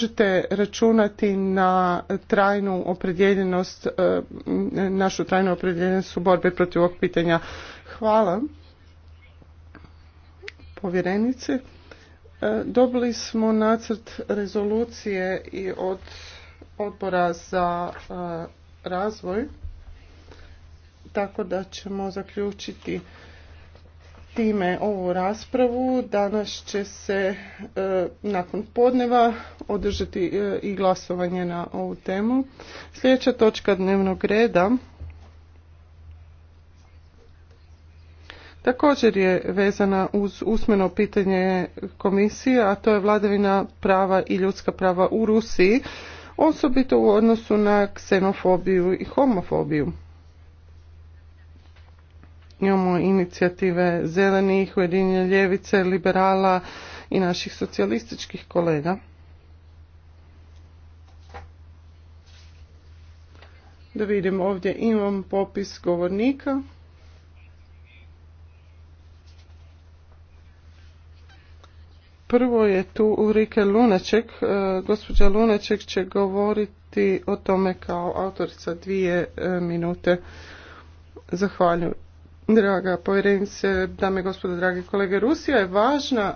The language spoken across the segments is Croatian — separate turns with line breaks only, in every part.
možete računati na trajnu opredjeljenost, e, našu trajnu opredjeljenost u borbi protiv ovog pitanja. Hvala povjerenice. E, dobili smo nacrt rezolucije i od odbora za e, razvoj, tako da ćemo zaključiti time ovu raspravu. Danas će se e, nakon podneva održati e, i glasovanje na ovu temu. Sljedeća točka dnevnog reda također je vezana uz usmeno pitanje komisije, a to je vladavina prava i ljudska prava u Rusiji, osobito u odnosu na ksenofobiju i homofobiju. Imamo inicijative zelenih, ujedinjenja ljevice, liberala i naših socijalističkih kolega. Da vidim, ovdje imam popis govornika. Prvo je tu Ulrike Lunaček. E, gospođa Lunaček će govoriti o tome kao autorica dvije e, minute. Zahvaljujem. Draga povjerenice, dame i gospodo, dragi kolege, Rusija je važna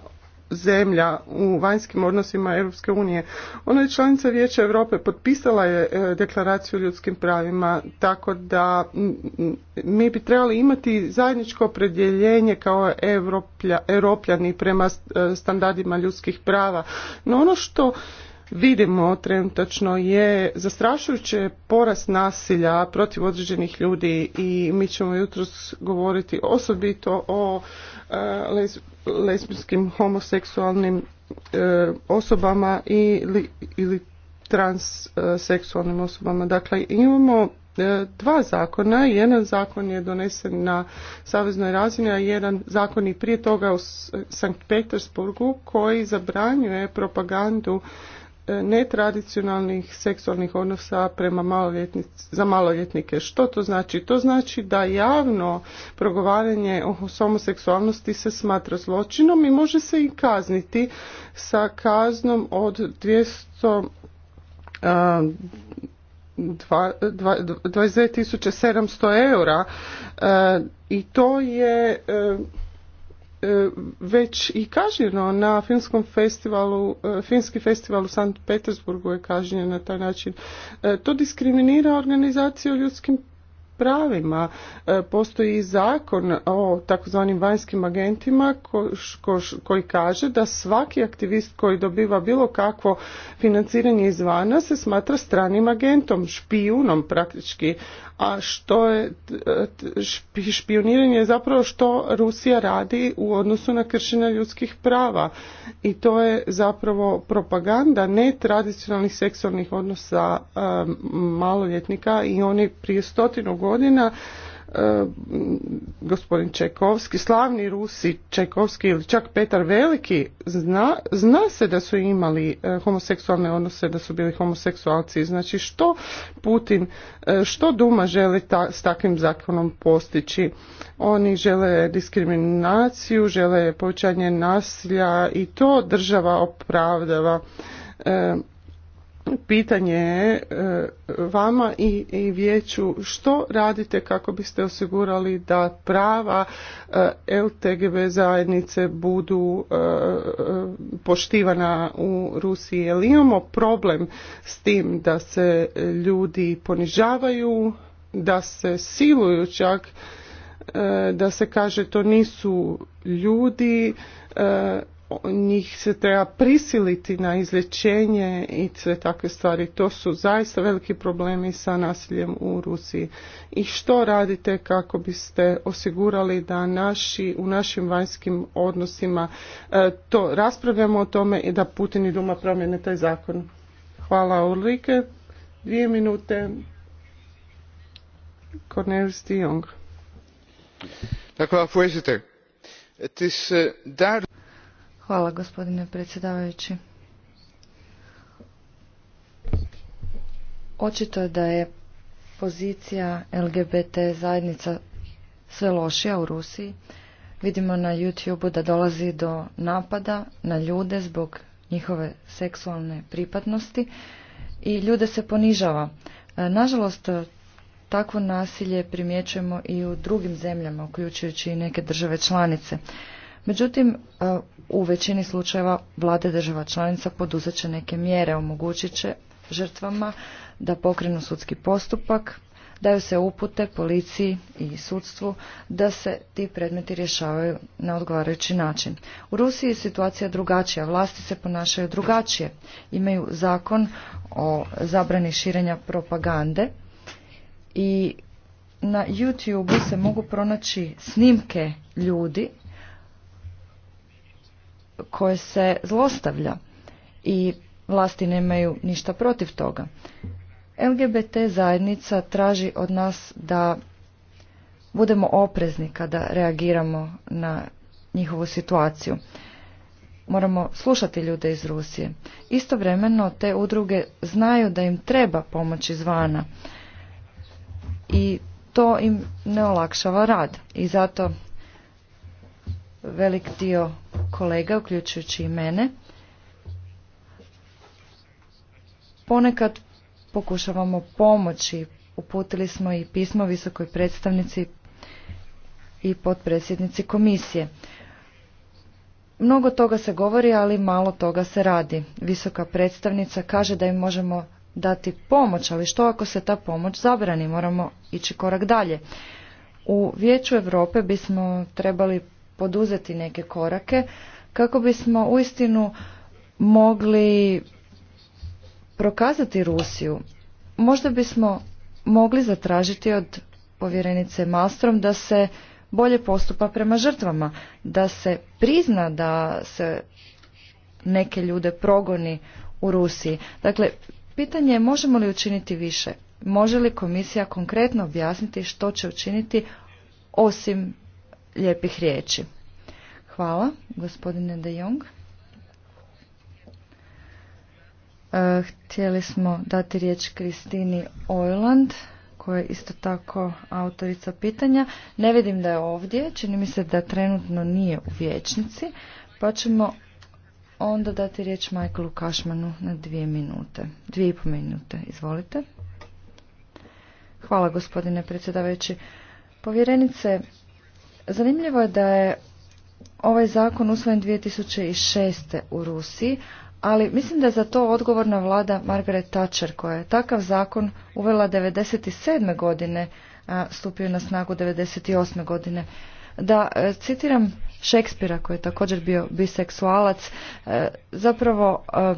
zemlja u vanjskim odnosima Europske unije. Ona je članica Vijeća Europe, potpisala je e, deklaraciju o ljudskim pravima, tako da mi bi trebali imati zajedničko opredjeljenje kao Europlja europljani prema e, standardima ljudskih prava. No ono što vidimo trenutačno je zastrašujuće porast nasilja protiv određenih ljudi i mi ćemo jutros govoriti osobito o e, lesbijskim, homoseksualnim e, osobama ili, ili transseksualnim osobama. Dakle, imamo e, dva zakona. Jedan zakon je donesen na saveznoj razini, a jedan zakon i prije toga u Sankt Petersburgu koji zabranjuje propagandu netradicionalnih seksualnih odnosa prema za maloljetnike. Što to znači? To znači da javno progovaranje o homoseksualnosti se smatra zločinom i može se i kazniti sa kaznom od 200 tisuća 22.700 eura i to je e, E, već i kažnjeno na filmskom festivalu, e, finski festival u Sankt Petersburgu je kažnjen na taj način. E, to diskriminira organizaciju ljudskim pravima. Postoji i zakon o takozvanim vanjskim agentima koji kaže da svaki aktivist koji dobiva bilo kakvo financiranje izvana se smatra stranim agentom, špijunom praktički, a što je špioniranje je zapravo što Rusija radi u odnosu na kršenja ljudskih prava i to je zapravo propaganda netradicionalnih seksualnih odnosa e, maloljetnika i oni prije stotinu godina E, gospodin Čekovski, slavni Rusi Čekovski ili čak Petar Veliki, zna, zna se da su imali e, homoseksualne odnose, da su bili homoseksualci. Znači što Putin, e, što Duma želi ta, s takvim zakonom postići? Oni žele diskriminaciju, žele povećanje nasilja i to država opravdava pitanje je e, vama i, vijeću što radite kako biste osigurali da prava e, LTGB zajednice budu e, poštivana u Rusiji. Jel imamo problem s tim da se ljudi ponižavaju, da se siluju čak, da se kaže to nisu ljudi, njih se treba prisiliti na izlječenje i sve takve stvari. To su zaista veliki problemi sa nasiljem u Rusiji. I što radite kako biste osigurali da naši, u našim vanjskim odnosima e, to raspravljamo o tome i da Putin i Duma promjene taj zakon? Hvala Ulrike. Dvije minute.
Cornelius de Jong.
Dank Het is eh,
Hvala gospodine predsjedavajući. Očito je da je pozicija LGBT zajednica sve lošija u Rusiji. Vidimo na YouTube da dolazi do napada na ljude zbog njihove seksualne pripadnosti i ljude se ponižava. E, nažalost, takvo nasilje primjećujemo i u drugim zemljama, uključujući i neke države članice. Međutim, e, u većini slučajeva vlade država članica poduzet će neke mjere, omogućit će žrtvama da pokrenu sudski postupak, daju se upute policiji i sudstvu da se ti predmeti rješavaju na odgovarajući način. U Rusiji je situacija drugačija, vlasti se ponašaju drugačije, imaju zakon o zabrani širenja propagande i na YouTubeu se mogu pronaći snimke ljudi koje se zlostavlja i vlasti nemaju ništa protiv toga. LGBT zajednica traži od nas da budemo oprezni kada reagiramo na njihovu situaciju. Moramo slušati ljude iz Rusije. Istovremeno te udruge znaju da im treba pomoć izvana i to im ne olakšava rad i zato velik dio kolega, uključujući i mene, ponekad pokušavamo pomoći. Uputili smo i pismo visokoj predstavnici i potpredsjednici komisije. Mnogo toga se govori, ali malo toga se radi. Visoka predstavnica kaže da im možemo dati pomoć, ali što ako se ta pomoć zabrani? Moramo ići korak dalje. U Vijeću Europe bismo trebali poduzeti neke korake kako bismo uistinu mogli prokazati Rusiju. Možda bismo mogli zatražiti od povjerenice Mastrom da se bolje postupa prema žrtvama, da se prizna da se neke ljude progoni u Rusiji. Dakle, pitanje je možemo li učiniti više? Može li komisija konkretno objasniti što će učiniti osim lijepih riječi. Hvala, gospodine De Jong. E, htjeli smo dati riječ Kristini Ojland, koja je isto tako autorica pitanja. Ne vidim da je ovdje, čini mi se da trenutno nije u vječnici, pa ćemo onda dati riječ Michaelu Kašmanu na dvije minute. Dvije i po minute, izvolite. Hvala gospodine predsjedavajući. Povjerenice, Zanimljivo je da je ovaj zakon usvojen 2006. u Rusiji, ali mislim da je za to odgovorna vlada Margaret Thatcher koja je takav zakon uvela 97. godine, a stupio na snagu 98. godine. Da e, citiram Šekspira koji je također bio biseksualac, e, zapravo e,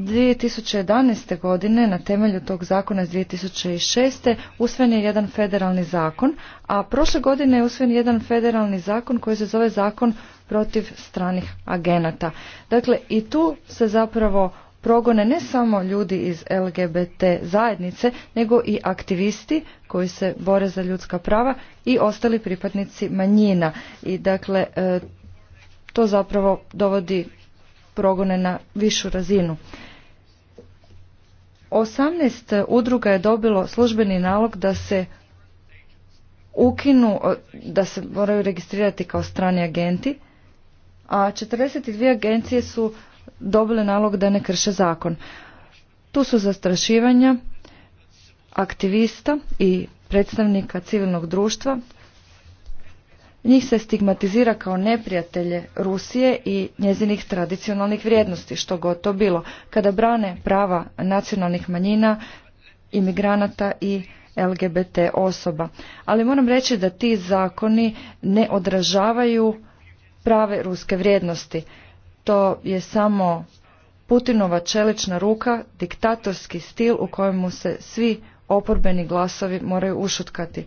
2011. godine na temelju tog zakona iz 2006. usvojen je jedan federalni zakon, a prošle godine je usvojen jedan federalni zakon koji se zove zakon protiv stranih agenata. Dakle, i tu se zapravo progone ne samo ljudi iz LGBT zajednice, nego i aktivisti koji se bore za ljudska prava i ostali pripadnici manjina. I dakle, e, to zapravo dovodi progone na višu razinu. Osamnaest udruga je dobilo službeni nalog da se ukinu, da se moraju registrirati kao strani agenti, a 42 agencije su dobile nalog da ne krše zakon. Tu su zastrašivanja aktivista i predstavnika civilnog društva, njih se stigmatizira kao neprijatelje Rusije i njezinih tradicionalnih vrijednosti, što god to bilo, kada brane prava nacionalnih manjina, imigranata i LGBT osoba. Ali moram reći da ti zakoni ne odražavaju prave ruske vrijednosti. To je samo Putinova čelična ruka, diktatorski stil u kojemu se svi oporbeni glasovi moraju ušutkati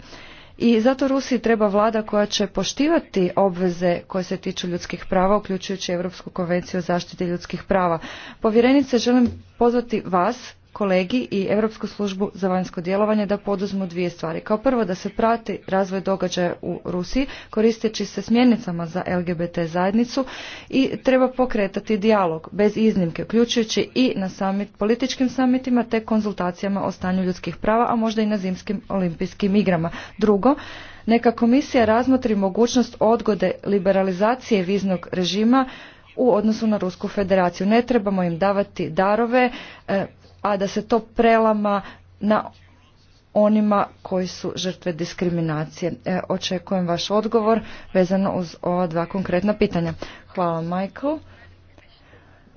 i zato Rusiji treba vlada koja će poštivati obveze koje se tiču ljudskih prava, uključujući Europsku konvenciju o zaštiti ljudskih prava. Povjerenice, želim pozvati vas kolegi i Europsku službu za vanjsko djelovanje da poduzmu dvije stvari. Kao prvo da se prati razvoj događaja u Rusiji koristeći se smjernicama za LGBT zajednicu i treba pokretati dijalog bez iznimke uključujući i na političkim summitima te konzultacijama o stanju ljudskih prava, a možda i na zimskim olimpijskim igrama. Drugo, neka komisija razmotri mogućnost odgode liberalizacije viznog režima u odnosu na Rusku federaciju. Ne trebamo im davati darove, e, a da se to prelama na onima koji su žrtve diskriminacije. E, očekujem vaš odgovor vezano uz ova dva konkretna pitanja. Hvala Michael.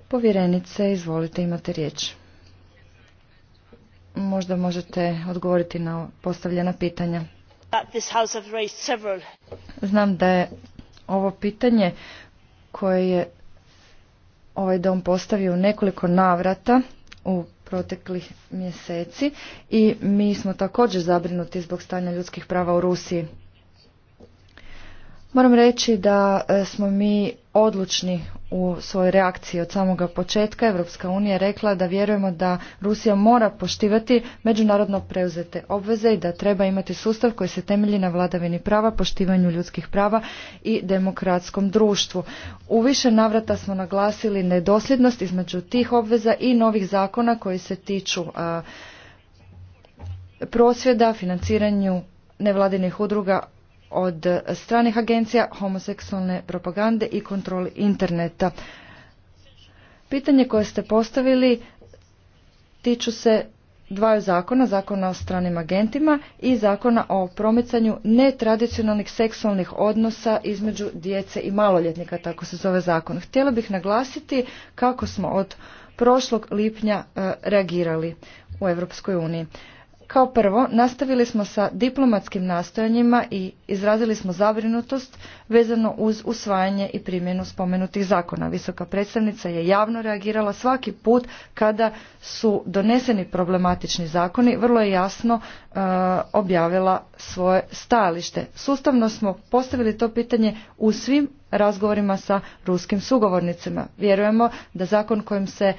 Povjerenice, izvolite, imate riječ. Možda možete odgovoriti na postavljena pitanja. Znam da je ovo pitanje koje je ovaj dom postavio nekoliko navrata u proteklih mjeseci i mi smo također zabrinuti zbog stanja ljudskih prava u Rusiji. Moram reći da e, smo mi odlučni u svojoj reakciji od samoga početka. Europska unija je rekla da vjerujemo da Rusija mora poštivati međunarodno preuzete obveze i da treba imati sustav koji se temelji na vladavini prava, poštivanju ljudskih prava i demokratskom društvu. U više navrata smo naglasili nedosljednost između tih obveza i novih zakona koji se tiču prosvjeda, financiranju nevladinih udruga od stranih agencija, homoseksualne propagande i kontroli interneta. Pitanje koje ste postavili tiču se dvaju zakona, zakona o stranim agentima i zakona o promicanju netradicionalnih seksualnih odnosa između djece i maloljetnika, tako se zove zakon. Htjela bih naglasiti kako smo od prošlog lipnja e, reagirali u Europskoj uniji. Kao prvo, nastavili smo sa diplomatskim nastojanjima i izrazili smo zabrinutost vezano uz usvajanje i primjenu spomenutih zakona. Visoka predstavnica je javno reagirala svaki put kada su doneseni problematični zakoni, vrlo je jasno e, objavila svoje stajalište. Sustavno smo postavili to pitanje u svim razgovorima sa ruskim sugovornicima. Vjerujemo da zakon kojim se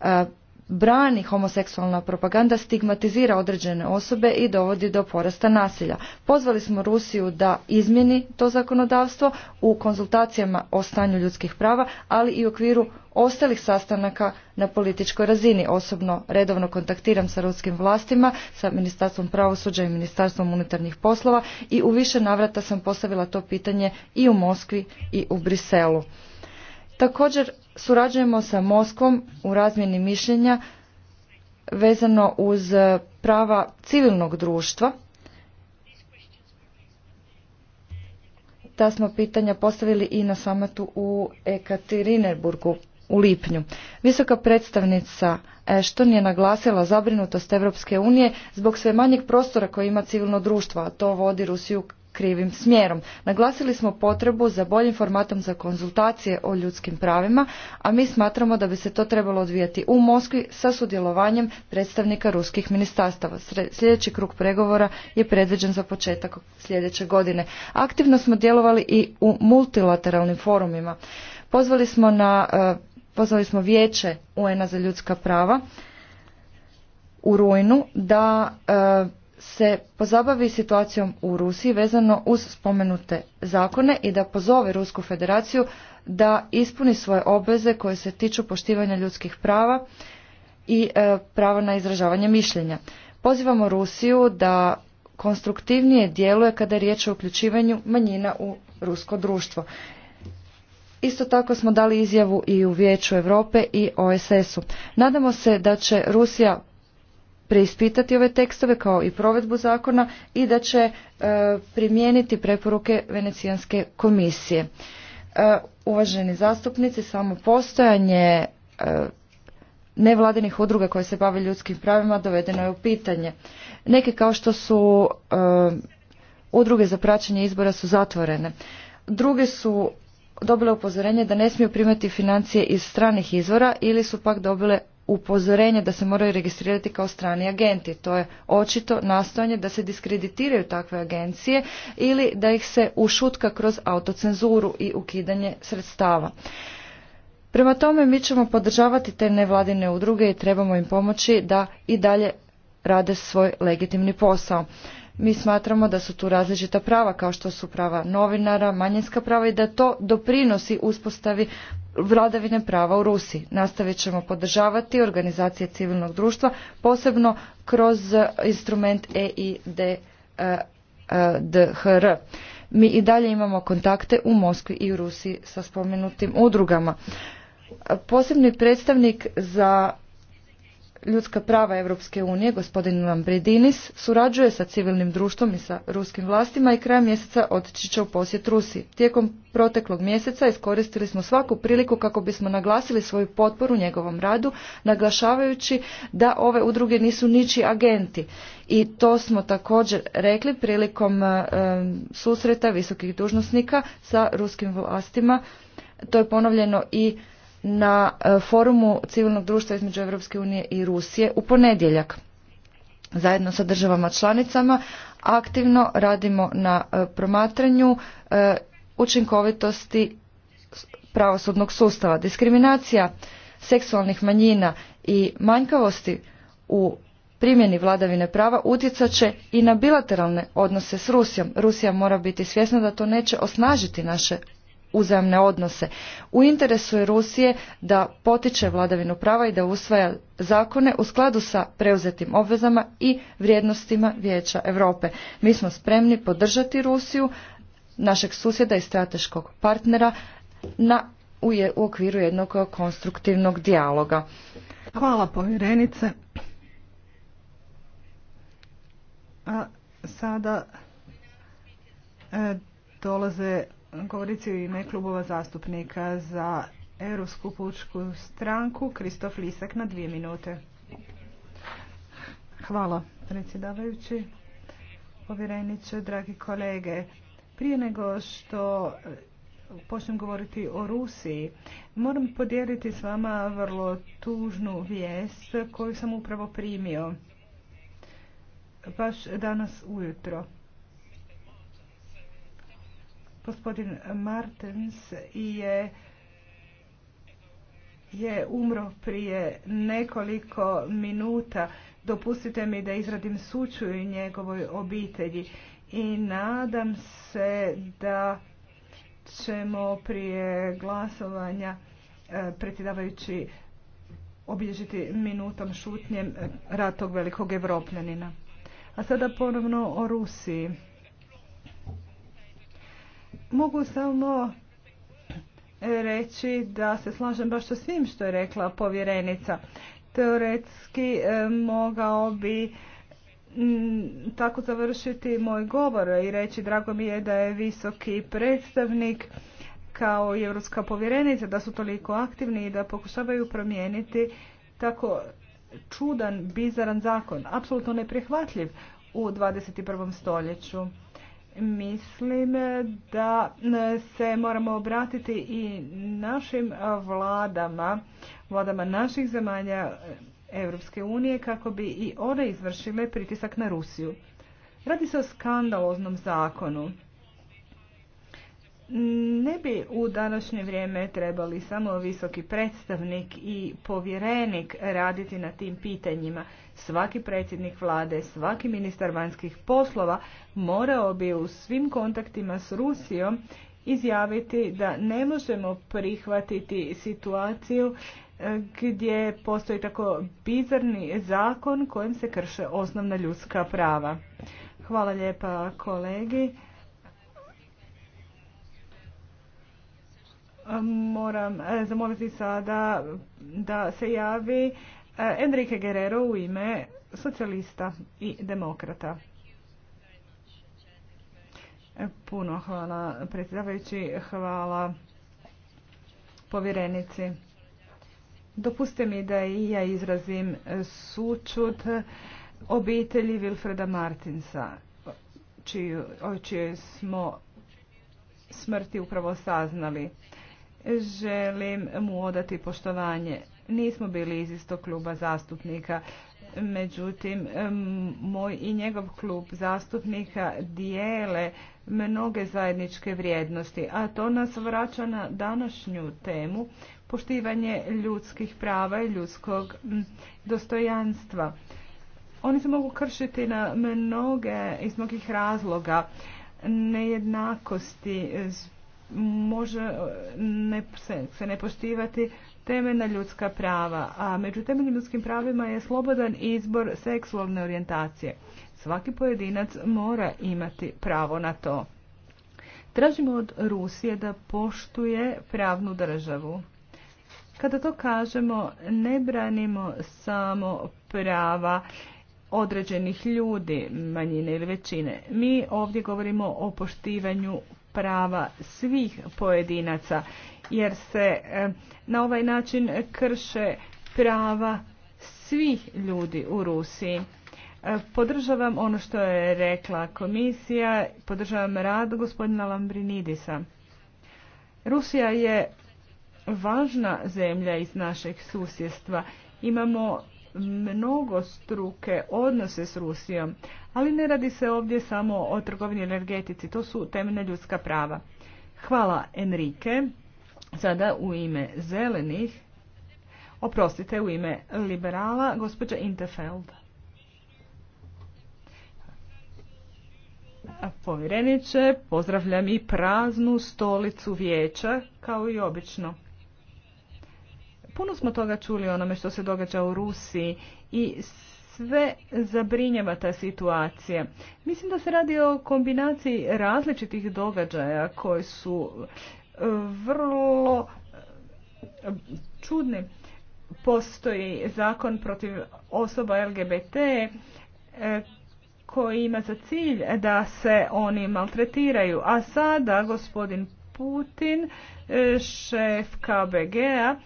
e, brani homoseksualna propaganda stigmatizira određene osobe i dovodi do porasta nasilja. Pozvali smo Rusiju da izmjeni to zakonodavstvo u konzultacijama o stanju ljudskih prava, ali i u okviru ostalih sastanaka na političkoj razini. Osobno redovno kontaktiram sa ruskim vlastima, sa Ministarstvom pravosuđa i Ministarstvom unutarnjih poslova i u više navrata sam postavila to pitanje i u Moskvi i u Briselu. Također surađujemo sa Moskvom u razmjeni mišljenja vezano uz prava civilnog društva. Ta smo pitanja postavili i na samatu u Ekaterinerburgu u lipnju. Visoka predstavnica Ashton je naglasila zabrinutost Europske unije zbog sve manjeg prostora koji ima civilno društvo, a to vodi Rusiju krivim smjerom. Naglasili smo potrebu za boljim formatom za konzultacije o ljudskim pravima, a mi smatramo da bi se to trebalo odvijati u Moskvi sa sudjelovanjem predstavnika ruskih ministarstava. Sljedeći krug pregovora je predviđen za početak sljedeće godine. Aktivno smo djelovali i u multilateralnim forumima. Pozvali smo na e, pozvali smo vijeće un za ljudska prava u rujnu da e, se pozabavi situacijom u Rusiji vezano uz spomenute zakone i da pozove Rusku federaciju da ispuni svoje obveze koje se tiču poštivanja ljudskih prava i e, prava na izražavanje mišljenja. Pozivamo Rusiju da konstruktivnije djeluje kada je riječ o uključivanju manjina u rusko društvo. Isto tako smo dali izjavu i u Vijeću Europe i OSS-u. Nadamo se da će Rusija preispitati ove tekstove kao i provedbu zakona i da će e, primijeniti preporuke Venecijanske komisije. E, uvaženi zastupnici, samo postojanje e, nevladinih udruga koje se bave ljudskim pravima dovedeno je u pitanje. Neke kao što su udruge za praćenje izbora su zatvorene. Druge su dobile upozorenje da ne smiju primati financije iz stranih izvora ili su pak dobile upozorenje da se moraju registrirati kao strani agenti. To je očito nastojanje da se diskreditiraju takve agencije ili da ih se ušutka kroz autocenzuru i ukidanje sredstava. Prema tome mi ćemo podržavati te nevladine udruge i trebamo im pomoći da i dalje rade svoj legitimni posao. Mi smatramo da su tu različita prava kao što su prava novinara, manjinska prava i da to doprinosi uspostavi vladavine prava u Rusiji. Nastavit ćemo podržavati organizacije civilnog društva, posebno kroz instrument EIDHR. E, e Mi i dalje imamo kontakte u Moskvi i u Rusiji sa spomenutim udrugama. Posebni predstavnik za ljudska prava Europske unije, gospodin Lambridinis, surađuje sa civilnim društvom i sa ruskim vlastima i krajem mjeseca otići će u posjet Rusi. Tijekom proteklog mjeseca iskoristili smo svaku priliku kako bismo naglasili svoju potporu njegovom radu, naglašavajući da ove udruge nisu niči agenti. I to smo također rekli prilikom e, susreta visokih dužnosnika sa ruskim vlastima. To je ponovljeno i na e, forumu civilnog društva između Europske unije i Rusije u ponedjeljak. Zajedno sa državama članicama aktivno radimo na e, promatranju e, učinkovitosti pravosudnog sustava. Diskriminacija seksualnih manjina i manjkavosti u primjeni vladavine prava utjecat će i na bilateralne odnose s Rusijom. Rusija mora biti svjesna da to neće osnažiti naše uzajamne odnose. U interesu je Rusije da potiče vladavinu prava i da usvaja zakone u skladu sa preuzetim obvezama i vrijednostima Vijeća Europe. Mi smo spremni podržati Rusiju, našeg susjeda i strateškog partnera na u, u okviru jednog konstruktivnog dijaloga. Hvala povjerenice.
A sada e, dolaze govoriti u ime klubova zastupnika za Europsku pučku stranku Kristof Lisak na dvije minute. Hvala predsjedavajući, povjereniče, dragi kolege. Prije nego što e, počnem govoriti o Rusiji, moram podijeliti s vama vrlo tužnu vijest koju sam upravo primio. Baš danas ujutro. Gospodin Martens je je umro prije nekoliko minuta. Dopustite mi da izradim i njegovoj obitelji i nadam se da ćemo prije glasovanja e, predsjedavajući obilježiti minutom šutnjem ratog velikog evropljanina. A sada ponovno o Rusiji. Mogu samo e, reći da se slažem baš sa svim što je rekla povjerenica. Teoretski e, mogao bi tako završiti moj govor i reći drago mi je da je visoki predstavnik kao i Europska povjerenica da su toliko aktivni i da pokušavaju promijeniti tako čudan, bizaran zakon, apsolutno neprihvatljiv u 21. stoljeću. Mislim da se moramo obratiti i našim vladama, vladama naših zemalja Europske unije kako bi i one izvršile pritisak na Rusiju. Radi se o skandaloznom zakonu ne bi u današnje vrijeme trebali samo visoki predstavnik i povjerenik raditi na tim pitanjima. Svaki predsjednik vlade, svaki ministar vanjskih poslova morao bi u svim kontaktima s Rusijom izjaviti da ne možemo prihvatiti situaciju e, gdje postoji tako bizarni zakon kojim se krše osnovna ljudska prava. Hvala lijepa kolegi. moram e, zamoliti sada da se javi e, Enrique Guerrero u ime socijalista i demokrata. E, puno hvala predsjedavajući, hvala povjerenici. Dopuste mi da i ja izrazim sučut obitelji Wilfreda Martinsa, čiju, o čijoj smo smrti upravo saznali želim mu odati poštovanje. Nismo bili iz istog kluba zastupnika, međutim, moj i njegov klub zastupnika dijele mnoge zajedničke vrijednosti, a to nas vraća na današnju temu poštivanje ljudskih prava i ljudskog dostojanstva. Oni se mogu kršiti na mnoge iz mnogih razloga nejednakosti može eh, se, se ne poštivati temeljna ljudska prava, a među temeljnim ljudskim pravima je slobodan izbor seksualne orijentacije. Svaki pojedinac mora imati pravo na to. Tražimo od Rusije da poštuje pravnu državu. Kada to kažemo, ne branimo samo prava određenih ljudi, manjine ili većine. Mi ovdje govorimo o poštivanju prava svih pojedinaca jer se e, na ovaj način krše prava svih ljudi u Rusiji. E, podržavam ono što je rekla komisija, podržavam rad gospodina Lambrinidisa. Rusija je važna zemlja iz našeg susjedstva. Imamo mnogo struke odnose s Rusijom, ali ne radi se ovdje samo o trgovini energetici, to su temeljna ljudska prava. Hvala Enrike. sada u ime zelenih, oprostite u ime liberala, gospođa Interfeld. Povjereniče, pozdravljam i praznu stolicu vijeća, kao i obično. Puno smo toga čuli onome što se događa u Rusiji i sve zabrinjava ta situacija. Mislim da se radi o kombinaciji različitih događaja koji su e, vrlo e, čudni. Postoji zakon protiv osoba LGBT e, koji ima za cilj da se oni maltretiraju. A sada gospodin Putin, e, šef KBG-a,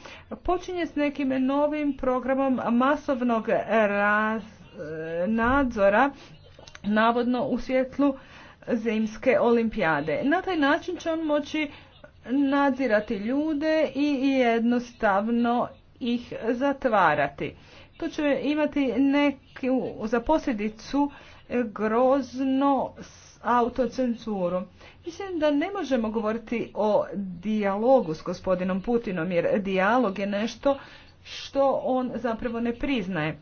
počinje s nekim novim programom masovnog nadzora, navodno u svjetlu zimske olimpijade. Na taj način će on moći nadzirati ljude i jednostavno ih zatvarati. To će imati neku za posljedicu grozno autocenzuru. Mislim da ne možemo govoriti o dijalogu s gospodinom Putinom jer dijalog je nešto što on zapravo ne priznaje.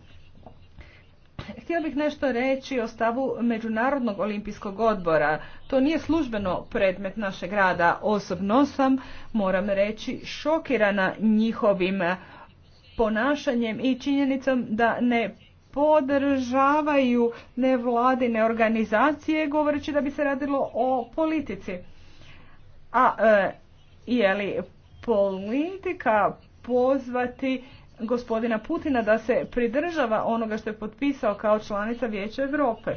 Htio bih nešto reći o stavu Međunarodnog olimpijskog odbora. To nije službeno predmet našeg rada. Osobno sam, moram reći, šokirana njihovim ponašanjem i činjenicom da ne podržavaju nevladine organizacije govoreći da bi se radilo o politici. A e, je li politika pozvati gospodina Putina da se pridržava onoga što je potpisao kao članica Vijeća Europe?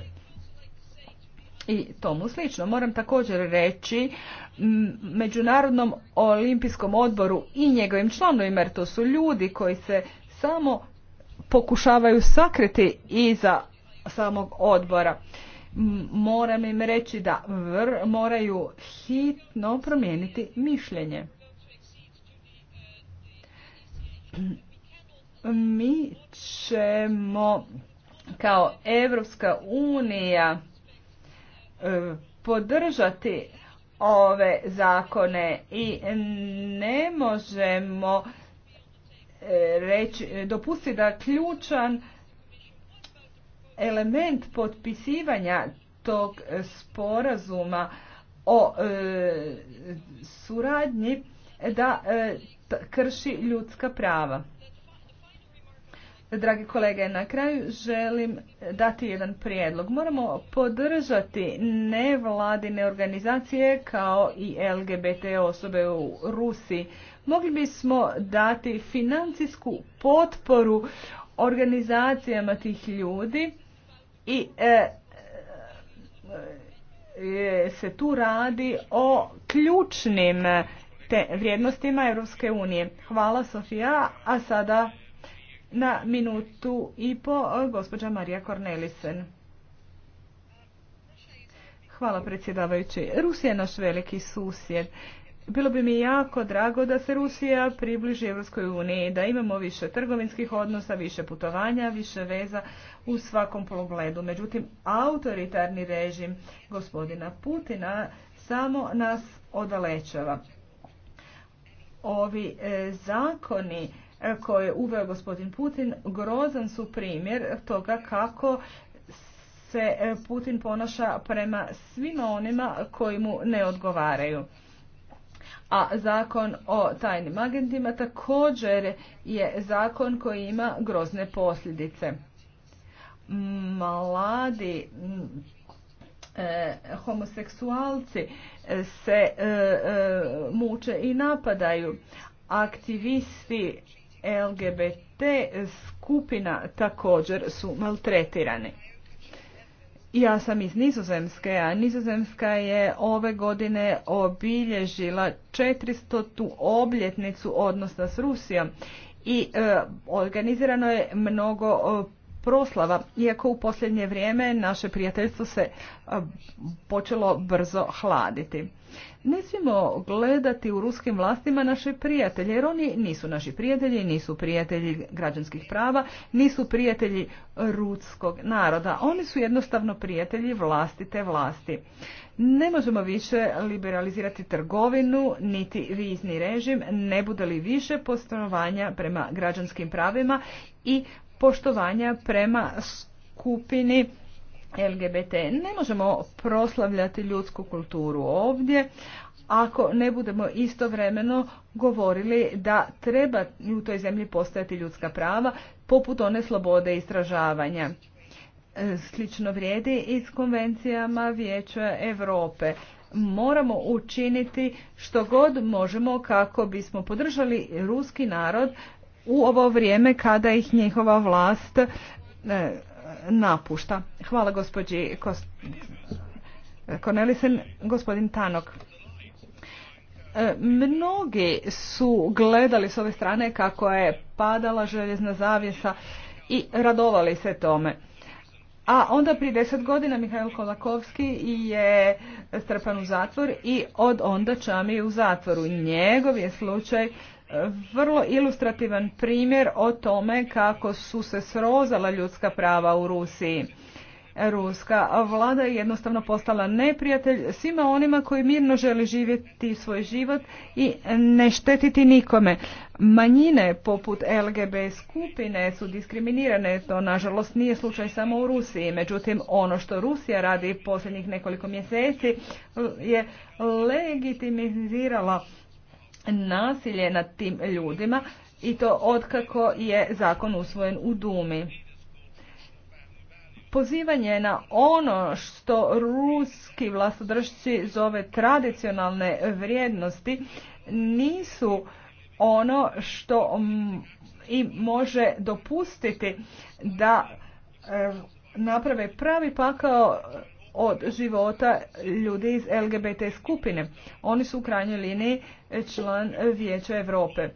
i tomu slično. Moram također reći Međunarodnom olimpijskom odboru i njegovim članovima, jer to su ljudi koji se samo pokušavaju sakriti iza samog odbora. Moram im reći da moraju hitno promijeniti mišljenje. Mi ćemo kao Evropska unija e, podržati ove zakone i ne možemo reći, dopusti da ključan element potpisivanja tog sporazuma o e, suradnji da e, krši ljudska prava. Dragi kolege, na kraju želim dati jedan prijedlog. Moramo podržati nevladine organizacije kao i LGBT osobe u Rusiji Mogli bismo dati financijsku potporu organizacijama tih ljudi i e, e, se tu radi o ključnim vrijednostima Europske unije. Hvala Sofija, a sada na minutu i po e, gospođa Marija Kornelisen. Hvala predsjedavajući. Rusija je naš veliki susjed bilo bi mi jako drago da se Rusija približi Europskoj uniji, da imamo više trgovinskih odnosa, više putovanja, više veza u svakom pogledu. Međutim, autoritarni režim gospodina Putina samo nas odalečava. Ovi e, zakoni e, koje je uveo gospodin Putin grozan su primjer toga kako se e, Putin ponaša prema svima onima koji mu ne odgovaraju. A zakon o tajnim agentima također je zakon koji ima grozne posljedice. Mladi e, homoseksualci se e, e, muče i napadaju. Aktivisti LGBT skupina također su maltretirani. Ja sam iz Nizozemske, a Nizozemska je ove godine obilježila 400. obljetnicu odnosa s Rusijom i e, organizirano je mnogo proslava, iako u posljednje vrijeme naše prijateljstvo se počelo brzo hladiti. Ne smijemo gledati u ruskim vlastima naše prijatelje, jer oni nisu naši prijatelji, nisu prijatelji građanskih prava, nisu prijatelji ruskog naroda. Oni su jednostavno prijatelji vlastite vlasti. Ne možemo više liberalizirati trgovinu, niti vizni režim, ne bude li više postanovanja prema građanskim pravima i poštovanja prema skupini LGBT. Ne možemo proslavljati ljudsku kulturu ovdje ako ne budemo istovremeno govorili da treba u toj zemlji postojati ljudska prava poput one slobode istražavanja. Slično vrijedi i s konvencijama Vijeća Europe. Moramo učiniti što god možemo kako bismo podržali ruski narod u ovo vrijeme kada ih njihova vlast e, napušta. Hvala gospođi Cornelisen, gospodin Tanok. E, mnogi su gledali s ove strane kako je padala željezna zavjesa i radovali se tome. A onda prije deset godina Mihajl Kolakovski je strpan u zatvor i od onda čami u zatvoru. Njegov je slučaj vrlo ilustrativan primjer o tome kako su se srozala ljudska prava u Rusiji. Ruska vlada je jednostavno postala neprijatelj svima onima koji mirno žele živjeti svoj život i ne štetiti nikome. Manjine poput LGB skupine su diskriminirane, to nažalost nije slučaj samo u Rusiji. Međutim, ono što Rusija radi posljednjih nekoliko mjeseci je legitimizirala nasilje nad tim ljudima i to otkako je zakon usvojen u Dumi. Pozivanje na ono što ruski vlastodržci zove tradicionalne vrijednosti nisu ono što i može dopustiti da e, naprave pravi pakao od života ljudi iz LGBT skupine. Oni su u krajnjoj liniji član Vijeća Europe.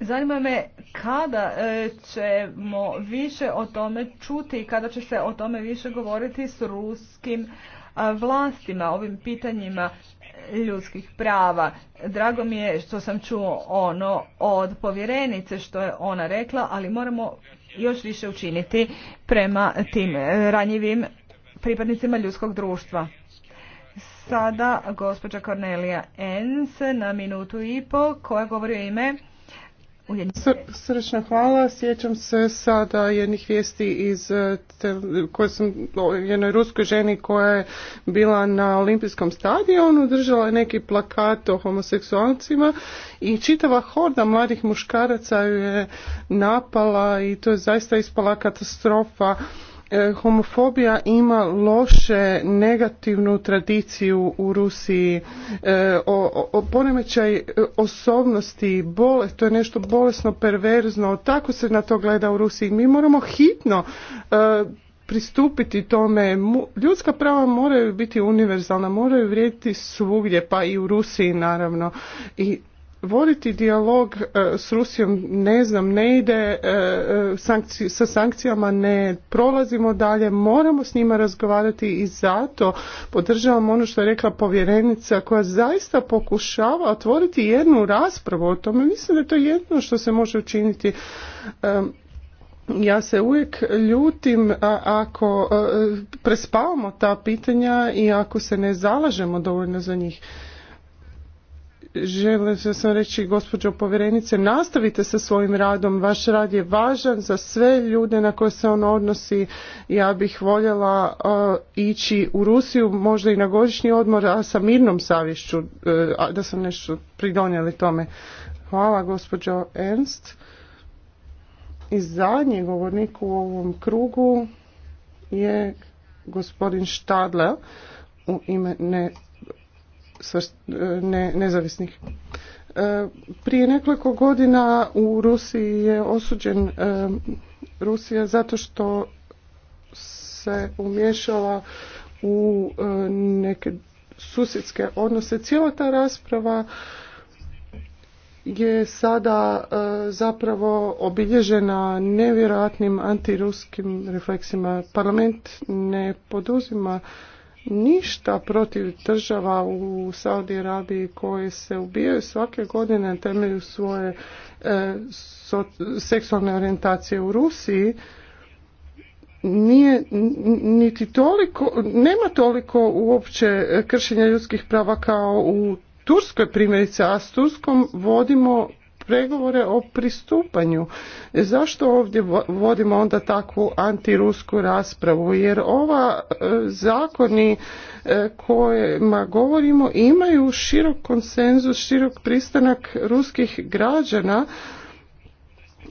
Zanima me kada e, ćemo više o tome čuti i kada će se o tome više govoriti s ruskim vlastima, ovim pitanjima ljudskih prava. Drago mi je što sam čuo ono od povjerenice što je ona rekla, ali moramo još više učiniti prema tim ranjivim pripadnicima ljudskog društva. Sada gospođa Kornelija Enz na minutu i po koja govori o ime hvala.
Sjećam se sada jednih vijesti iz e, koje sam o jednoj ruskoj ženi koja je bila na olimpijskom stadionu, držala je neki plakat o homoseksualcima i čitava horda mladih muškaraca ju je napala i to je zaista ispala katastrofa E, homofobija ima loše negativnu tradiciju u Rusiji. E, o, o, poremećaj e, osobnosti, to je nešto bolesno perverzno, tako se na to gleda u Rusiji. Mi moramo hitno pristupiti tome. Ljudska prava moraju biti univerzalna, moraju vrijediti svugdje, pa i u Rusiji naravno. I voditi dijalog e, s Rusijom ne znam, ne ide e, e, sa sankcijama ne prolazimo dalje, moramo s njima razgovarati i zato podržavam ono što je rekla povjerenica koja zaista pokušava otvoriti jednu raspravu o tome. Mislim da je to jedno što se može učiniti ja se uvijek ljutim ako prespavamo ta pitanja i ako se ne zalažemo dovoljno za njih se sam reći gospođo povjerenice, nastavite sa svojim radom, vaš rad je važan za sve ljude na koje se on odnosi. Ja bih voljela uh, ići u Rusiju, možda i na godišnji odmor, a sa mirnom savješću, uh, da sam nešto pridonijeli tome. Hvala gospođo Ernst. I zadnji govornik u ovom krugu je gospodin Štadler u ime ne, E, nezavisnih. E, prije nekoliko godina u Rusiji je osuđen e, Rusija zato što se umješala u neke susjedske odnose. Cijela ta rasprava je sada zapravo obilježena nevjerojatnim antiruskim refleksima. Parlament ne poduzima ništa protiv država u Saudi Arabiji koje se ubijaju svake godine na temelju svoje e, seksualne orijentacije u Rusiji nije niti toliko, nema toliko uopće kršenja ljudskih prava kao u Turskoj primjerice, a s Turskom vodimo pregovore o pristupanju. Zašto ovdje vodimo onda takvu antirusku raspravu? Jer ova e, zakoni e, kojima govorimo imaju širok konsenzus, širok pristanak ruskih građana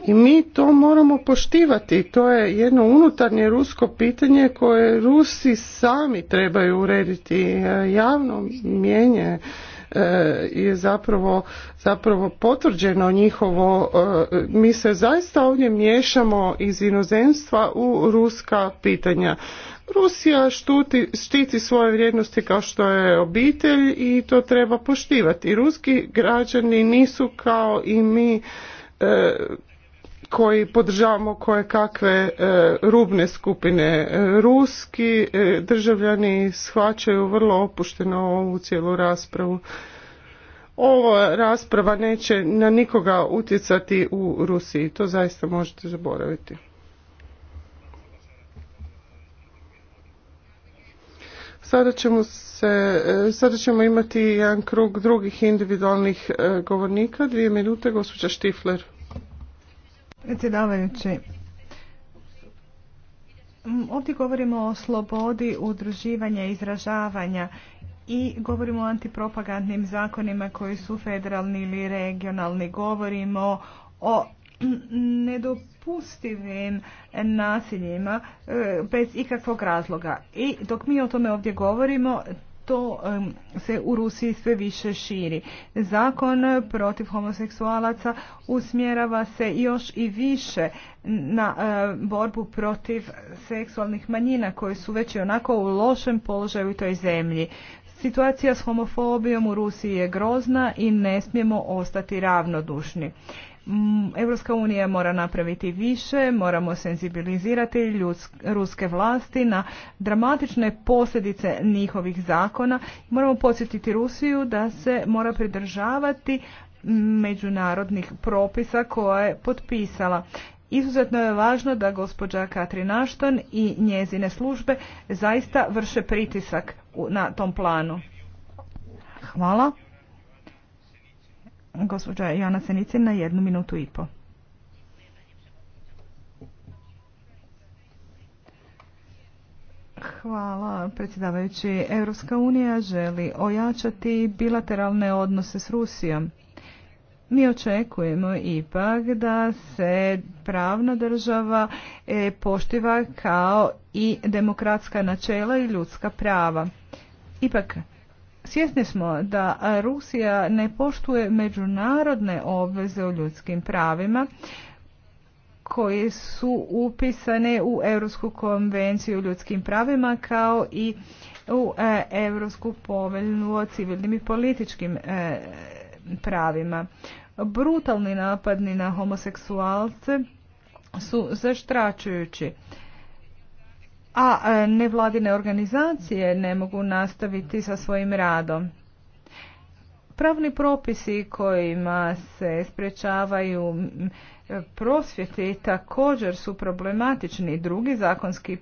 i mi to moramo poštivati. To je jedno unutarnje rusko pitanje koje Rusi sami trebaju urediti e, javno mijenje E, je zapravo, zapravo potvrđeno njihovo, e, mi se zaista ovdje miješamo iz inozemstva u ruska pitanja. Rusija štuti, štiti svoje vrijednosti kao što je obitelj i to treba poštivati. Ruski građani nisu kao i mi e, koji podržavamo koje kakve e, rubne skupine. E, ruski e, državljani shvaćaju vrlo opušteno ovu cijelu raspravu. Ova rasprava neće na nikoga utjecati u Rusiji, to zaista možete zaboraviti. Sada ćemo, se, sada ćemo imati jedan krug drugih individualnih govornika. Dvije minute, gospođa Štifler.
Predsjedavajući, ovdje govorimo o slobodi udruživanja i izražavanja i govorimo o antipropagandnim zakonima koji su federalni ili regionalni. Govorimo o nedopustivim nasiljima e, bez ikakvog razloga. I dok mi o tome ovdje govorimo, to se u Rusiji sve više širi. Zakon protiv homoseksualaca usmjerava se još i više na e, borbu protiv seksualnih manjina koji su već i onako u lošem položaju u toj zemlji. Situacija s homofobijom u Rusiji je grozna i ne smijemo ostati ravnodušni. Mm, Europska unija mora napraviti više, moramo senzibilizirati ljudsk, ruske vlasti na dramatične posljedice njihovih zakona. Moramo podsjetiti Rusiju da se mora pridržavati međunarodnih propisa koja je potpisala. Izuzetno je važno da gospođa Katrin Ashton i njezine službe zaista vrše pritisak na tom planu. Hvala. Gospođa Jana Senicin na jednu minutu i po. Hvala predsjedavajući. Europska unija želi ojačati bilateralne odnose s Rusijom. Mi očekujemo ipak da se pravna država e, poštiva kao i demokratska načela i ljudska prava. Ipak Svjesni smo da Rusija ne poštuje međunarodne obveze o ljudskim pravima koje su upisane u Europsku konvenciju o ljudskim pravima kao i u e, Europsku povelju o civilnim i političkim e, pravima. Brutalni napadni na homoseksualce su zaštračujući a e, nevladine organizacije ne mogu nastaviti sa svojim radom. Pravni propisi kojima se sprečavaju e, prosvjeti također su problematični. Drugi zakonski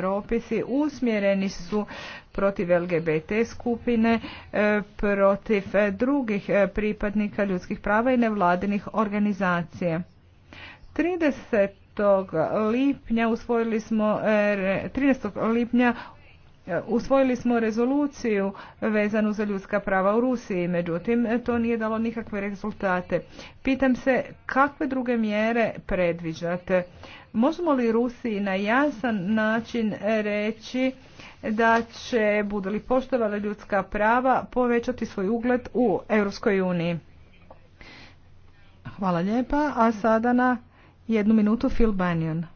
propisi usmjereni su protiv LGBT skupine, e, protiv drugih pripadnika ljudskih prava i nevladinih organizacije. 13. lipnja usvojili smo 13. E, lipnja e, Usvojili smo rezoluciju vezanu za ljudska prava u Rusiji, međutim e, to nije dalo nikakve rezultate. Pitam se kakve druge mjere predviđate? Možemo li Rusiji na jasan način reći da će, budu li poštovala ljudska prava, povećati svoj ugled u Europskoj uniji? Hvala lijepa, a sada na Jednu minutu, Phil Banyan.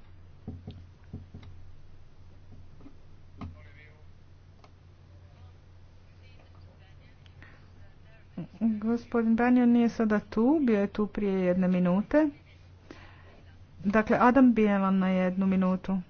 Gospodin Banjon nije sada tu, bio je tu prije jedne minute. Dakle, Adam Bijelan na jednu minutu.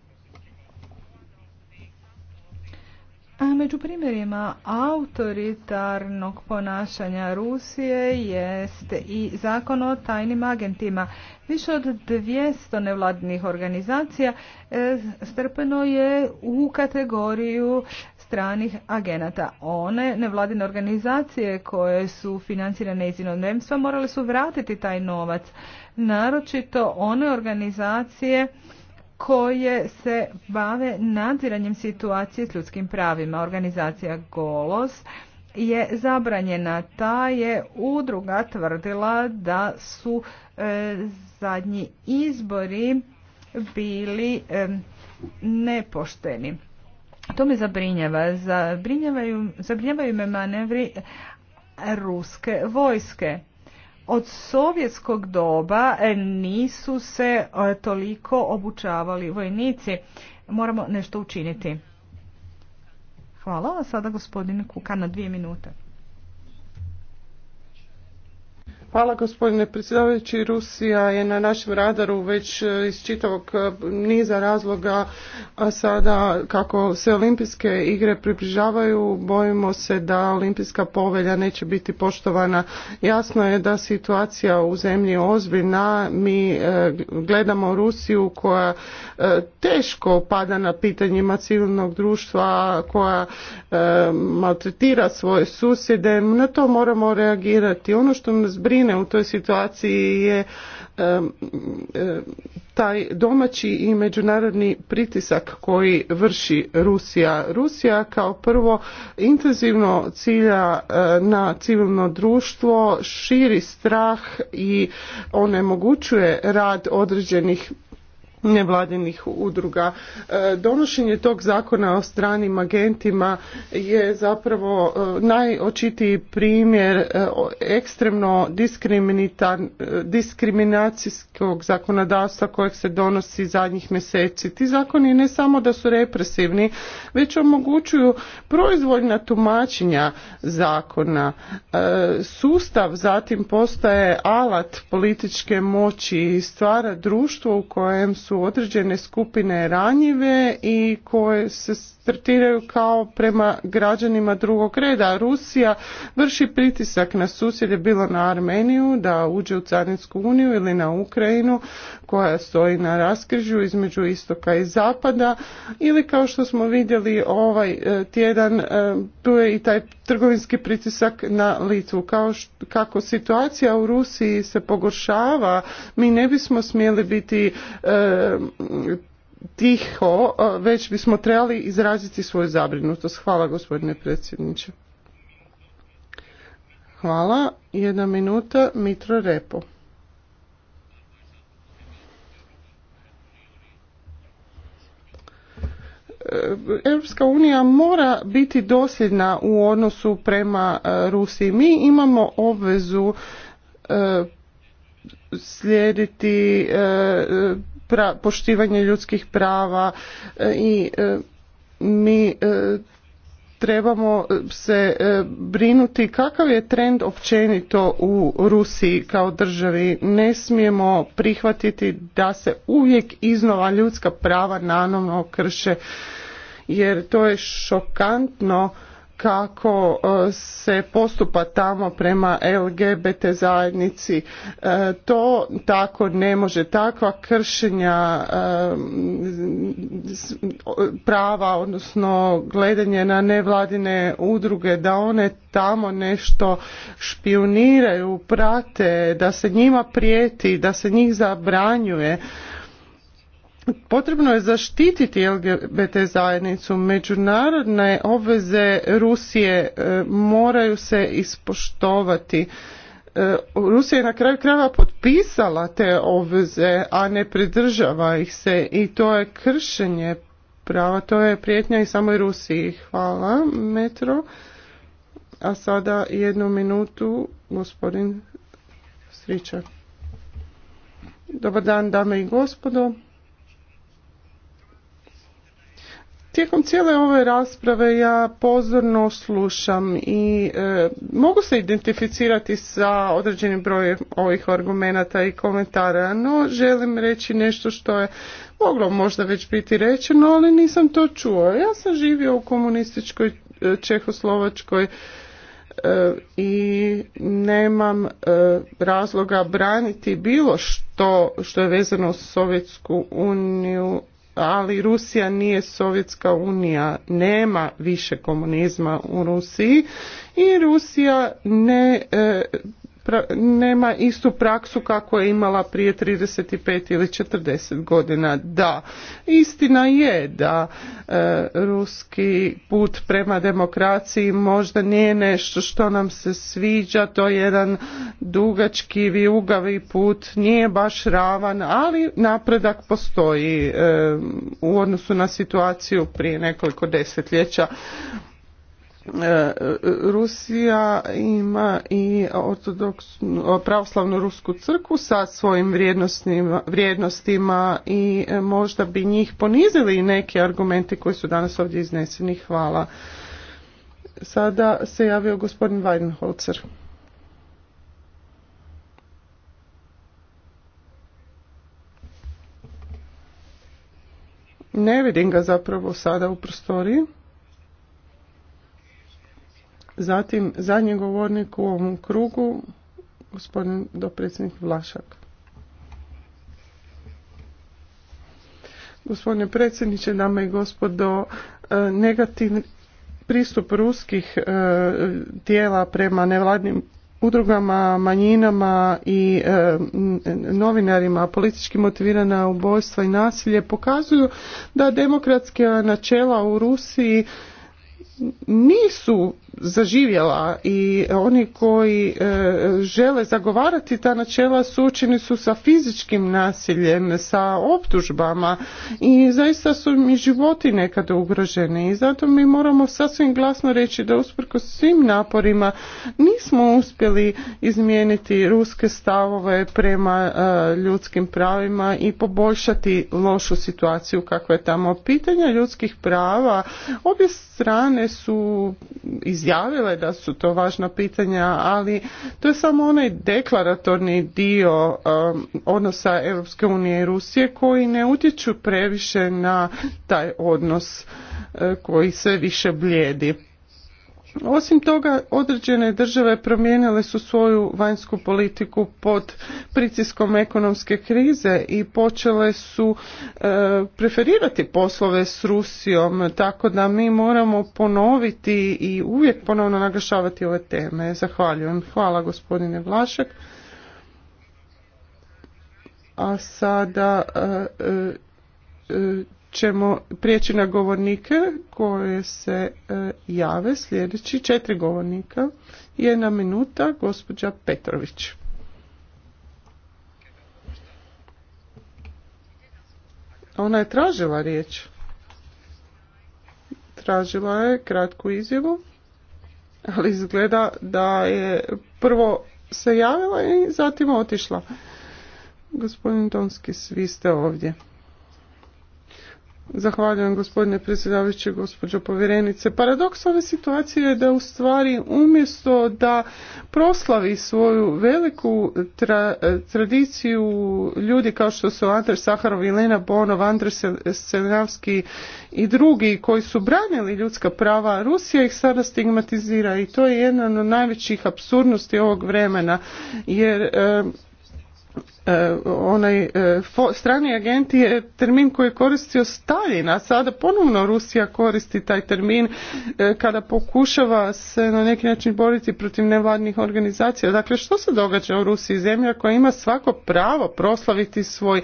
Među primjerima autoritarnog ponašanja Rusije jest i zakon o tajnim agentima. Više od 200 nevladnih organizacija e, strpeno je u kategoriju stranih agenata. One nevladine organizacije koje su financirane iz inodemstva morale su vratiti taj novac. Naročito one organizacije koje se bave nadziranjem situacije s ljudskim pravima. Organizacija Golos je zabranjena. Ta je udruga tvrdila da su e, zadnji izbori bili e, nepošteni. To me zabrinjava. zabrinjavaju me manevri ruske vojske od sovjetskog doba e, nisu se e, toliko obučavali vojnici. Moramo nešto učiniti. Hvala. vam sada gospodine Kuka na dvije minute.
Hvala gospodine predsjedavajući. Rusija je na našem radaru već e, iz čitavog e, niza razloga, a sada kako se olimpijske igre približavaju, bojimo se da olimpijska povelja neće biti poštovana. Jasno je da situacija u zemlji je ozbiljna. Mi e, gledamo Rusiju koja teško pada na pitanjima civilnog društva, koja maltretira svoje susjede. Na to moramo reagirati. Ono što nas brine u toj situaciji je taj domaći i međunarodni pritisak koji vrši Rusija. Rusija kao prvo intenzivno cilja na civilno društvo, širi strah i onemogućuje rad određenih nevladinih udruga. E, donošenje tog zakona o stranim agentima je zapravo e, najočitiji primjer e, ekstremno diskriminacijskog zakonodavstva kojeg se donosi zadnjih mjeseci. Ti zakoni ne samo da su represivni, već omogućuju proizvoljna tumačenja zakona. Sustav zatim postaje alat političke moći i stvara društvo u kojem su su određene skupine ranjive i koje se tretiraju kao prema građanima drugog reda. Rusija vrši pritisak na susjede bilo na Armeniju da uđe u Carinsku uniju ili na Ukrajinu koja stoji na raskrižju između istoka i zapada ili kao što smo vidjeli ovaj e, tjedan e, tu je i taj trgovinski pritisak na Litvu. Kao kako situacija u Rusiji se pogoršava mi ne bismo smjeli biti e, tiho, već bismo trebali izraziti svoju zabrinutost. Hvala gospodine predsjedniče. Hvala. Jedna minuta, Mitro Repo. Europska unija mora biti dosljedna u odnosu prema e, Rusiji. Mi imamo obvezu e, slijediti e, poštivanje ljudskih prava e, i e, mi e, trebamo se brinuti kakav je trend općenito u Rusiji kao državi. Ne smijemo prihvatiti da se uvijek iznova ljudska prava nanovno krše jer to je šokantno kako e, se postupa tamo prema LGBT zajednici. E, to tako ne može. Takva kršenja e, prava, odnosno gledanje na nevladine udruge, da one tamo nešto špioniraju, prate, da se njima prijeti, da se njih zabranjuje Potrebno je zaštititi LGBT zajednicu. Međunarodne obveze Rusije e, moraju se ispoštovati. E, Rusija je na kraju krajeva potpisala te obveze, a ne pridržava ih se i to je kršenje prava, to je prijetnja i samoj Rusiji. Hvala, Metro. A sada jednu minutu, gospodin Sričak. Dobar dan, dame i gospodo. Tijekom cijele ove rasprave ja pozorno slušam i e, mogu se identificirati sa određenim brojem ovih argumenata i komentara, no želim reći nešto što je moglo možda već biti rečeno, ali nisam to čuo. Ja sam živio u komunističkoj e, Čehoslovačkoj e, i nemam razloga braniti bilo što što je vezano uz Sovjetsku uniju ali Rusija nije Sovjetska unija, nema više komunizma u Rusiji i Rusija ne e, nema istu praksu kako je imala prije 35 ili 40 godina. Da, istina je da e, ruski put prema demokraciji možda nije nešto što nam se sviđa, to je jedan dugački vijugavi put, nije baš ravan, ali napredak postoji e, u odnosu na situaciju prije nekoliko desetljeća. E, Rusija ima i pravoslavnu rusku crkvu sa svojim vrijednostima, vrijednostima i e, možda bi njih ponizili i neke argumente koji su danas ovdje izneseni. Hvala. Sada se javio gospodin Weidenholzer. Ne vidim ga zapravo sada u prostoriji. Zatim zadnji govornik u ovom krugu, gospodin dopredsjednik Vlašak. Gospodine predsjedniče, dame i gospodo, e, negativni pristup ruskih e, tijela prema nevladnim udrugama, manjinama i e, novinarima, politički motivirana ubojstva i nasilje pokazuju da demokratska načela u Rusiji nisu zaživjela i oni koji e, žele zagovarati ta načela suočeni su sa fizičkim nasiljem, sa optužbama i zaista su im životi nekada ugroženi i zato mi moramo sasvim glasno reći da usprkos svim naporima nismo uspjeli izmijeniti ruske stavove prema e, ljudskim pravima i poboljšati lošu situaciju kakva je tamo. Pitanja ljudskih prava obje strane su iz izjavile da su to važna pitanja, ali to je samo onaj deklaratorni dio um, odnosa Europske unije i Rusije koji ne utječu previše na taj odnos uh, koji se više blijedi. Osim toga, određene države promijenile su svoju vanjsku politiku pod priciskom ekonomske krize i počele su e, preferirati poslove s Rusijom, tako da mi moramo ponoviti i uvijek ponovno naglašavati ove teme. Zahvaljujem. Hvala gospodine Vlašek. A sada e, e, ćemo prijeći na govornike koje se e, jave sljedeći četiri govornika. Jedna minuta, gospođa Petrović. Ona je tražila riječ. Tražila je kratku izjavu, ali izgleda da je prvo se javila i zatim otišla. Gospodin tonski svi ste ovdje. Zahvaljujem gospodine predsjedavajući, gospođo povjerenice. Paradoks ove situacije je da u stvari umjesto da proslavi svoju veliku tradiciju ljudi kao što su Andrej Saharov, Ilena Bonov, Andres Selenavski i drugi koji su branili ljudska prava, Rusija ih sada stigmatizira i to je jedna od najvećih apsurdnosti ovog vremena jer E, onaj e, strani agenti je termin koji je koristio Stalin, a sada ponovno Rusija koristi taj termin e, kada pokušava se na neki način boriti protiv nevladnih organizacija. Dakle, što se događa u Rusiji zemlja koja ima svako pravo proslaviti svoj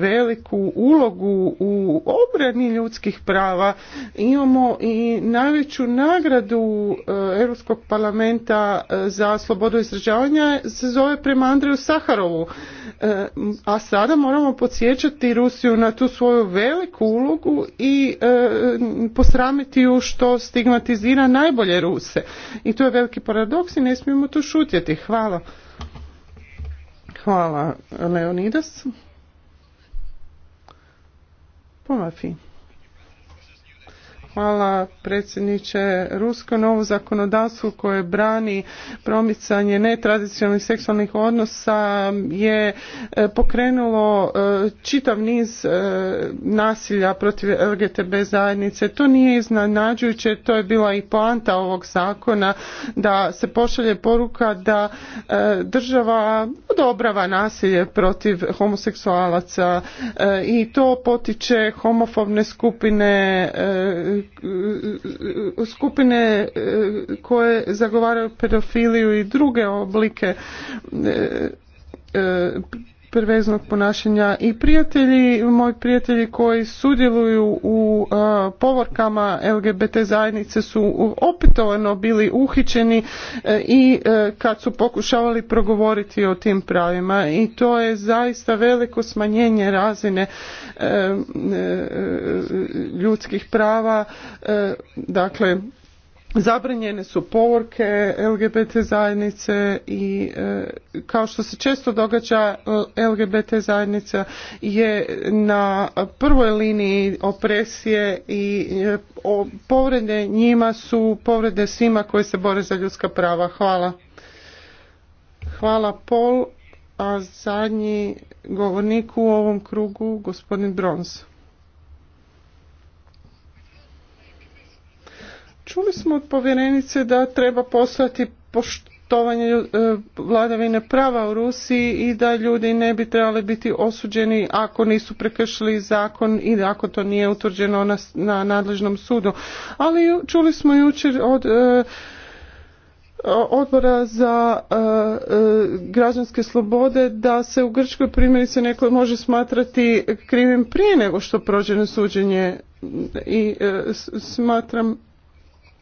veliku ulogu u obrani ljudskih prava. Imamo i najveću nagradu Europskog parlamenta za slobodu izražavanja se zove prema Andreju Saharovu E, a sada moramo podsjećati Rusiju na tu svoju veliku ulogu i e, posramiti ju što stigmatizira najbolje Ruse. I to je veliki paradoks i ne smijemo tu šutjeti. Hvala. Hvala Leonidas. Pomafi. Hvala predsjedniče. Rusko novo zakonodavstvo koje brani promicanje netradicionalnih seksualnih odnosa je e, pokrenulo e, čitav niz e, nasilja protiv LGTB zajednice. To nije iznenađujuće, to je bila i poanta ovog zakona da se pošalje poruka da država odobrava nasilje protiv homoseksualaca i to potiče homofobne skupine E, skupine e, koje zagovaraju pedofiliju i druge oblike e, prveznog ponašanja i prijatelji, moji prijatelji koji sudjeluju u povorkama LGBT zajednice su opetovano bili uhićeni e, i e, kad su pokušavali progovoriti o tim pravima i to je zaista veliko smanjenje razine e, ljudskih prava dakle zabranjene su povorke LGBT zajednice i e, kao što se često događa e, LGBT zajednica je na prvoj liniji opresije i e, povrede njima su povrede svima koji se bore za ljudska prava. Hvala. Hvala Pol, a zadnji govornik u ovom krugu gospodin Bronz. Čuli smo od povjerenice da treba poslati poštovanje e, vladavine prava u Rusiji i da ljudi ne bi trebali biti osuđeni ako nisu prekršili zakon i ako to nije utvrđeno na, nadležnom sudu. Ali čuli smo jučer od e, odbora za e, građanske slobode da se u Grčkoj primjerice neko može smatrati krivim prije nego što prođe na suđenje i smatram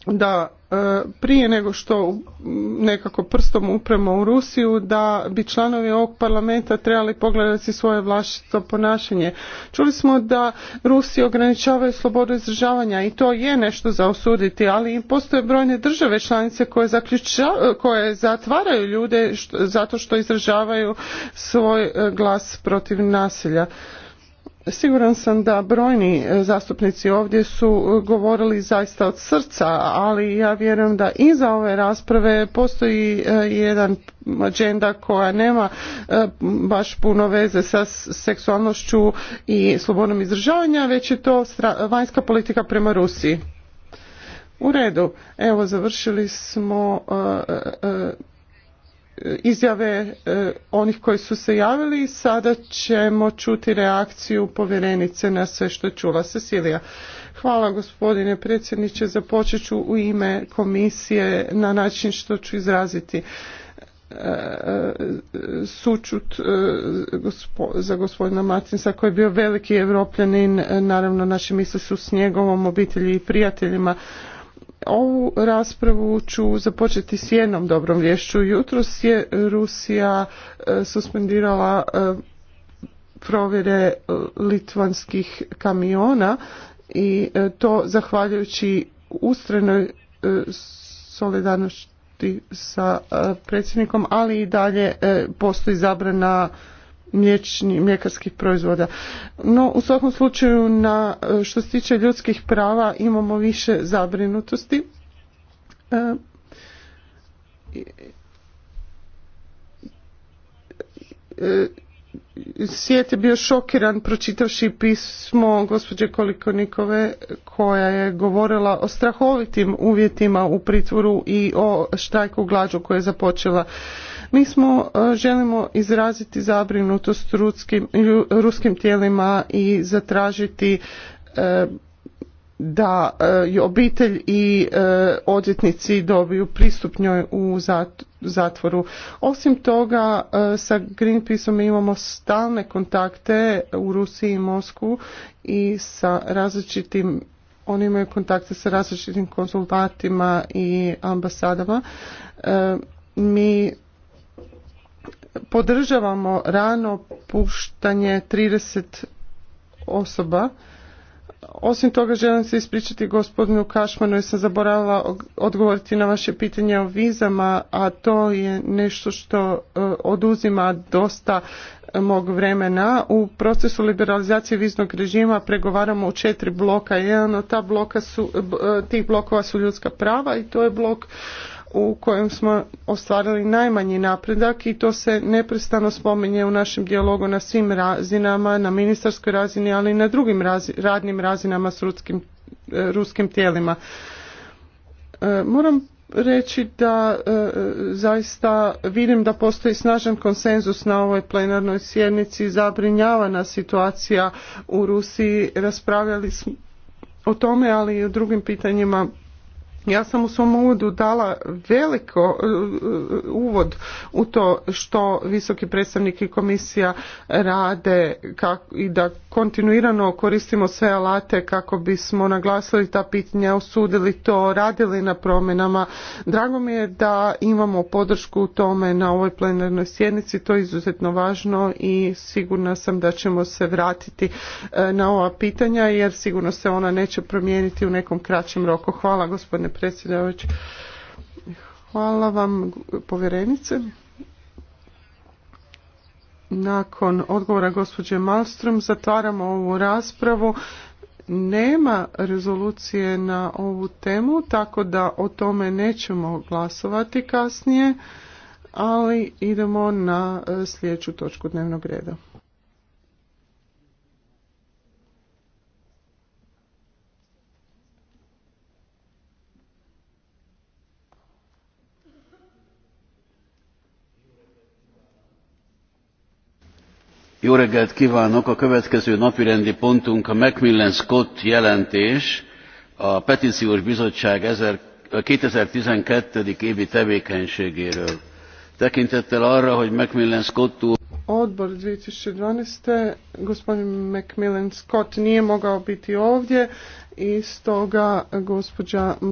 da e, prije nego što nekako prstom upremo u Rusiju da bi članovi ovog parlamenta trebali pogledati svoje vlastito ponašanje. Čuli smo da Rusi ograničavaju slobodu izražavanja i to je nešto za osuditi, ali postoje brojne države članice koje, koje zatvaraju ljude zato što izražavaju svoj e, glas protiv nasilja. Siguran sam da brojni e, zastupnici ovdje su e, govorili zaista od srca, ali ja vjerujem da iza ove rasprave postoji e, jedan agenda koja nema baš puno veze sa seksualnošću i slobodom izražavanja, već je to vanjska politika prema Rusiji. U redu, evo završili smo izjave e, onih koji su se javili i sada ćemo čuti reakciju povjerenice na sve što je čula Cecilija. Hvala gospodine predsjedniče, započet ću u ime komisije na način što ću izraziti e, sučut e, za gospodina Martinsa koji je bio veliki evropljanin, naravno naše misli su s njegovom obitelji i prijateljima Ovu raspravu ću započeti s jednom dobrom vješću. Jutros je Rusija e, suspendirala e, provjere e, litvanskih kamiona i to zahvaljujući ustrenoj solidarnosti sa predsjednikom, ali i dalje postoji zabrana mliječni, mljekarskih proizvoda. No, u svakom slučaju, na, e, što se tiče ljudskih prava, imamo više zabrinutosti. E, e, svijet je bio šokiran pročitavši pismo gospođe Kolikonikove koja je govorila o strahovitim uvjetima u pritvoru i o štrajku glađu koja je započela mi smo e, želimo izraziti zabrinutost ruskim, tijelima i zatražiti e, da e, obitelj i odvjetnici dobiju pristup njoj u zatvoru. Osim toga sa Greenpeaceom imamo stalne kontakte u Rusiji i Mosku i sa različitim oni imaju kontakte sa različitim konzulatima i ambasadama. Mi podržavamo rano puštanje 30 osoba. Osim toga želim se ispričati gospodinu Kašmanu jer sam zaboravila odgovoriti na vaše pitanje o vizama, a to je nešto što e, oduzima dosta e, mog vremena. U procesu liberalizacije viznog režima pregovaramo u četiri bloka. Jedan od ta bloka su, e, tih blokova su ljudska prava i to je blok u kojem smo ostvarili najmanji napredak i to se neprestano spominje u našem dijalogu na svim razinama, na ministarskoj razini, ali i na drugim radnim razinama s ruskim, e, ruskim tijelima. E, moram reći da e, zaista vidim da postoji snažan konsenzus na ovoj plenarnoj sjednici zabrinjavana situacija u Rusiji raspravljali smo o tome ali i o drugim pitanjima ja sam u svom uvodu dala veliko e, e, uvod u to što visoki predstavnik i komisija rade i da kontinuirano koristimo sve alate kako bismo naglasili ta pitanja, osudili to, radili na promjenama. Drago mi je da imamo podršku u tome na ovoj plenarnoj sjednici, to je izuzetno važno i sigurna sam da ćemo se vratiti e, na ova pitanja jer sigurno se ona neće promijeniti u nekom kraćem roku. Hvala gospodine predsjedavajući. Hvala vam povjerenice. Nakon odgovora gospođe Malstrom zatvaramo ovu raspravu. Nema rezolucije na ovu temu, tako da o tome nećemo glasovati kasnije, ali idemo na e, sljedeću točku dnevnog reda.
Jó reggelt kívánok! A következő napirendi pontunk a Macmillan Scott jelentés, a Petíciós Bizottság 2012. évi tevékenységéről.
Tekintettel arra, hogy Macmillan Scott úr...
Odbor 2012. gospodin Macmillan Scott nije mogao biti ovdje i stoga gospođa